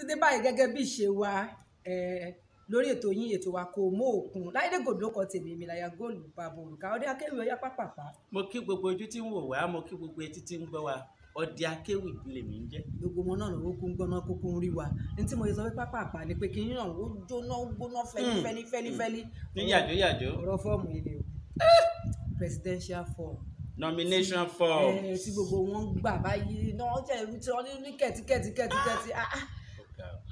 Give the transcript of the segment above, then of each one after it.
ti dé báyìí gẹ́gẹ́ bí ìṣe wa lórí ètò yín ètò wa kò mú òkun láìdé gòdó tèmi mi láyà góòlù bàbá olùkà ọdẹ akéwì ọyá pápápá. mo kí gbogbo ojú tí ń wò wá mo kí gbogbo etí tí ń gbọ́ wa ọdẹ akéwì lèmi ń jẹ. gbogbo ọmọ náà lọ́wọ́ kún gbọ́ná kókó ń rí wa ní tí mo yẹ sọ pé pápápá ni pé kí n ràn ó jóná gbóná fẹ́lifẹ́lí hmm. fẹ́lifẹ́lí. ní yàjó yàjó. ọ̀rọ̀ fọ́ọ̀mù yìí ni o presidential form nomination form. ẹ ti gbogbo wọn gbà báyìí náà jẹ ìrú tí ah, ah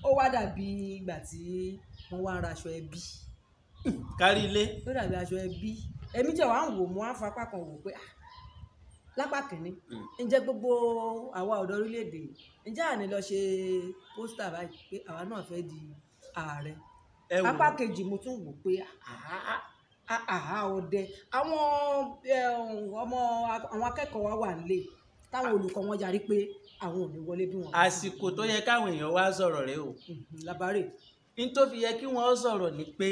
ó wá dàbí ìgbà tí wọ́n wá ń ra aṣọ ẹbí. kárí ilé. ó dàbí aṣọ ẹbí èmi tí wàá ń wò mú àfapá kan wò pé ah, lápá kìnínní mm. ǹjẹ́ gbogbo àwa ọ̀dọ́ orílẹ̀-èdè ǹjẹ́ àní lọ ṣe pósítà báyìí pé àwa náà fẹ́ di ààrẹ apá kejì mo tún wò pé àhà ah, ah, ọdẹ àwọn eh, ọmọ àwọn akẹ́kọ̀ọ́ wa wà nílé táwọn olùkọ́ wọn yarí pé àwọn ò ní wọlé bí wọn. àsìkò tó yẹ káwọn èèyàn wá sọ̀rọ̀ rẹ o. Mm-hmm, labare. n tó fi yẹ kí wọ́n sọ̀rọ̀ ni pé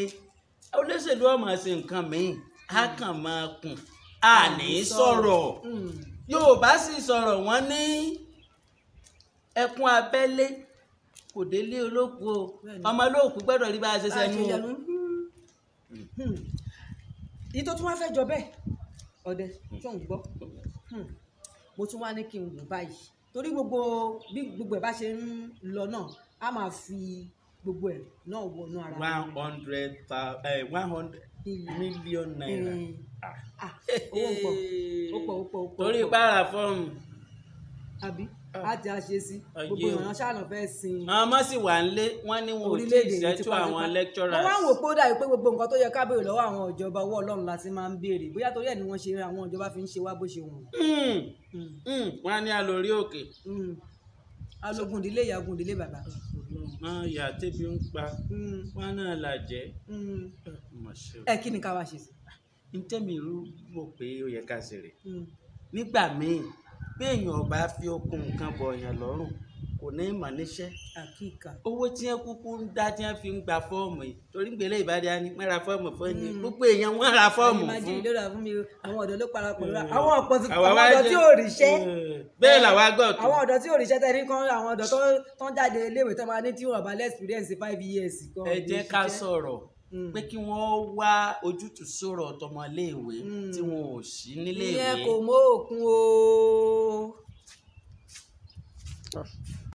olóṣèlú ọmọ ṣe nǹkan mìíràn á kàn máa kùn á ní sọ̀rọ̀ mm. Yorùbá sì sọ̀rọ̀ wọ́n ní ẹkún abẹ́lé kò délé olóòkú o ọmọ olóòkú gbọ́dọ̀ rí bá a ṣe sẹ́nu o. èyí hmm. hmm. tó tún wá fẹ́ jọ bẹ́ẹ̀ ọ̀dẹ tó ń gbọ́. Hmm mo tún wá ní kí n wù báyìí torí gbogbo bí gbogbo ẹ̀ bá ṣe ń lọ náà a máa fi gbogbo ẹ̀ náà wọnú ara one hundred one hundred million naira. Eh, ah. Ah, owó pọ̀ ó pọ̀ ó pọ̀ ó pọ̀. torí bára fọ́ọ̀mù. àbí láti àṣe sí gbogbo ìrànlọ́ ṣàlọ́ fẹ́ sin. àwọn ọmọ sì wà nílé wọn ní wọn ò tí ì ṣẹ́tù àwọn lecturers. wọ́n wá wò pé ó dàbí pé gbogbo nǹkan tó yẹ ká béèrè lọ́wọ́ àwọn ìjọba ọwọ́ ọlọ́run la ti máa ń béèrè bóyá torí ẹ̀ ni wọ́n ṣe àwọn ìjọba fi ń ṣe wá bó ṣe wù. wọ́n hmm. Hmm. Hmm. á ní alórí òkè. alógun ìdílé ìyàgùn ìdílé bàbá. ìyá tẹ́bi ń pa wọn náà là jẹ́. ẹ kí ni ká wá ṣe sí. Ah, ntẹ́mi rú wò pé ó yẹ ká ṣe rè nígbà míì bí èèyàn ọba fi okun nǹkan bọ̀ èèyàn lọ́rùn kò ní ìmọ̀ níṣẹ́. owó tí wọn kúkú ń dá tí wọn fi ń gba fọ́ọ̀mù yìí torí ń gbélé ìbàdí á ní wọn ra fọ́ọ̀mù fún ẹni hmm. gbogbo èèyàn wọn ra fọ́ọ̀mù fún. Hmm. àwọn ọ̀dọ́ tí ò ríṣẹ́. bẹ́ẹ̀ làwa gbọ́ tó. àwọn ọ̀dọ́ tí ò ríṣẹ́ tẹ́lẹ̀ kan àwọn ọ̀dọ́ tó ń jáde iléèwé tó máa ní tí wọn Mm. pé kí wọ́n wá ojútùú sọ̀rọ̀ tọmọléèwé mm. tí wọn ò sí níléèwé. ìyẹn kò mọ òkun o. Ah.